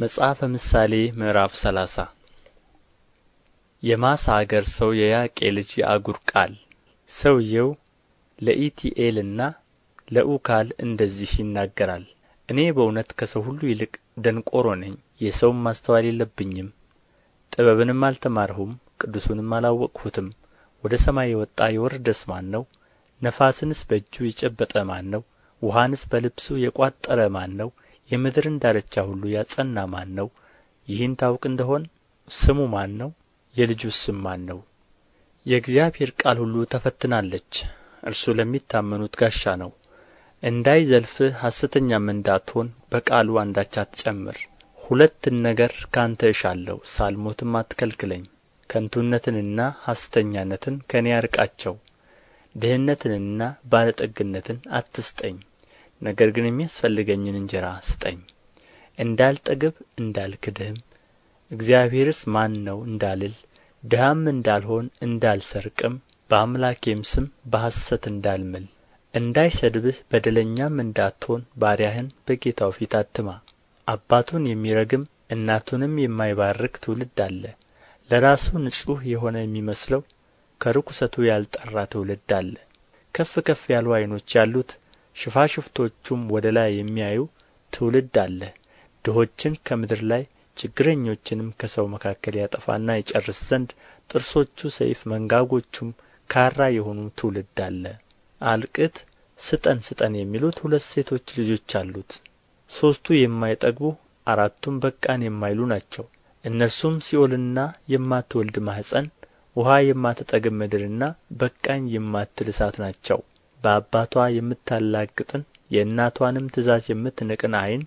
መጽሐፈ ምሳሌ ምዕራፍ ሰላሳ የማሳ አገር ሰው የያቄ ልጅ የአጉር ቃል። ሰውየው ለኢቲኤልና ለኡካል እንደዚህ ይናገራል። እኔ በእውነት ከሰው ሁሉ ይልቅ ደንቆሮ ነኝ፣ የሰውም ማስተዋል የለብኝም። ጥበብንም አልተማርሁም፣ ቅዱሱንም አላወቅሁትም። ወደ ሰማይ የወጣ የወረደስ ማን ነው? ነፋስንስ በእጁ የጨበጠ ማን ነው? ውሃንስ በልብሱ የቋጠረ ማን ነው? የምድርን ዳርቻ ሁሉ ያጸና ማን ነው ይህን ታውቅ እንደሆን ስሙ ማን ነው የልጁስ ስም ማን ነው የእግዚአብሔር ቃል ሁሉ ተፈትናለች እርሱ ለሚታመኑት ጋሻ ነው እንዳይዘልፍህ ሐሰተኛም እንዳትሆን በቃሉ አንዳች አትጨምር ሁለትን ነገር ካንተ እሻለሁ ሳልሞትም አትከልክለኝ ከንቱነትንና ሐሰተኛነትን ከእኔ አርቃቸው ድህነትንና ባለጠግነትን አትስጠኝ ነገር ግን የሚያስፈልገኝን እንጀራ ስጠኝ እንዳልጠግብ እንዳልክድህም እግዚአብሔርስ ማን ነው እንዳልል ድሃም እንዳልሆን እንዳልሰርቅም በአምላኬም ስም በሐሰት እንዳልምል እንዳይሰድብህ በደለኛም እንዳትሆን ባሪያህን በጌታው ፊት አትማ። አባቱን የሚረግም እናቱንም የማይባርክ ትውልድ አለ። ለራሱ ንጹሕ የሆነ የሚመስለው ከርኵሰቱ ያልጠራ ትውልድ አለ። ከፍ ከፍ ያሉ ዐይኖች ያሉት ሽፋሽፍቶቹም ወደ ላይ የሚያዩ ትውልድ አለ ድሆችን ከምድር ላይ ችግረኞችንም ከሰው መካከል ያጠፋና ይጨርስ ዘንድ ጥርሶቹ ሰይፍ መንጋጎቹም ካራ የሆኑ ትውልድ አለ አልቅት ስጠን ስጠን የሚሉት ሁለት ሴቶች ልጆች አሉት ሦስቱ የማይጠግቡ አራቱም በቃን የማይሉ ናቸው እነርሱም ሲኦልና የማትወልድ ማኅፀን ውኃ የማትጠግብ ምድርና በቃኝ የማትል እሳት ናቸው በአባትዋ የምታላግጥን የእናትዋንም ትእዛዝ የምትንቅን ዓይን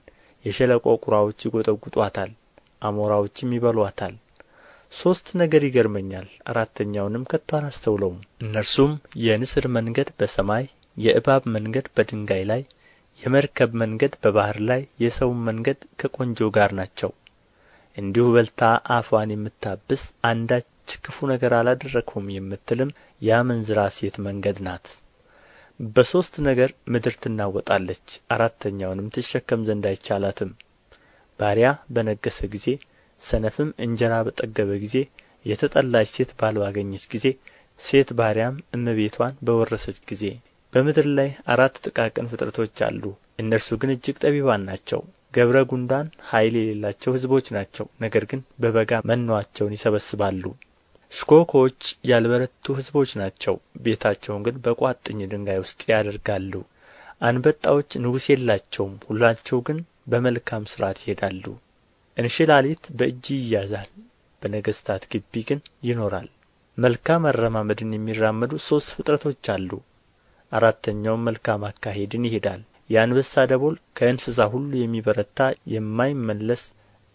የሸለቆ ቍራዎች ይጐጠጕጧታል፣ አሞራዎችም ይበሏታል ሦስት ነገር ይገርመኛል አራተኛውንም ከቶ አላስተውለውም እነርሱም የንስር መንገድ በሰማይ የእባብ መንገድ በድንጋይ ላይ የመርከብ መንገድ በባሕር ላይ የሰውም መንገድ ከቆንጆ ጋር ናቸው እንዲሁ በልታ አፏን የምታብስ አንዳች ክፉ ነገር አላደረግሁም የምትልም የአመንዝራ ሴት መንገድ ናት በሦስት ነገር ምድር ትናወጣለች አራተኛውንም ትሸከም ዘንድ አይቻላትም ባሪያ በነገሰ ጊዜ ሰነፍም እንጀራ በጠገበ ጊዜ የተጠላች ሴት ባል ባገኘች ጊዜ ሴት ባሪያም እመቤቷን በወረሰች ጊዜ በምድር ላይ አራት ጥቃቅን ፍጥረቶች አሉ እነርሱ ግን እጅግ ጠቢባን ናቸው ገብረ ጉንዳን ኃይል የሌላቸው ሕዝቦች ናቸው ነገር ግን በበጋ መኖአቸውን ይሰበስባሉ ሽኮኮዎች ያልበረቱ ሕዝቦች ናቸው ቤታቸውን ግን በቋጥኝ ድንጋይ ውስጥ ያደርጋሉ አንበጣዎች ንጉሥ የላቸውም ሁላቸው ግን በመልካም ሥርዓት ይሄዳሉ እንሽላሊት በእጅ ይያዛል በነገሥታት ግቢ ግን ይኖራል መልካም አረማመድን የሚራመዱ ሦስት ፍጥረቶች አሉ አራተኛውም መልካም አካሄድን ይሄዳል የአንበሳ ደቦል ከእንስሳ ሁሉ የሚበረታ የማይመለስ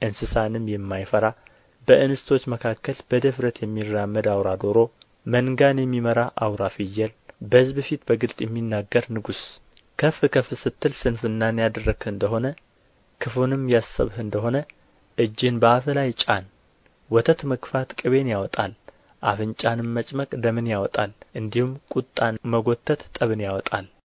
እንስሳንም የማይፈራ በእንስቶች መካከል በድፍረት የሚራመድ አውራ ዶሮ መንጋን የሚመራ አውራ ፍየል በሕዝብ ፊት በግልጥ የሚናገር ንጉሥ ከፍ ከፍ ስትል ስንፍናን ያደረግህ እንደሆነ ክፉንም ያሰብህ እንደሆነ እጅህን በአፍ ላይ ጫን ወተት መግፋት ቅቤን ያወጣል አፍንጫንም መጭመቅ ደምን ያወጣል እንዲሁም ቁጣን መጐተት ጠብን ያወጣል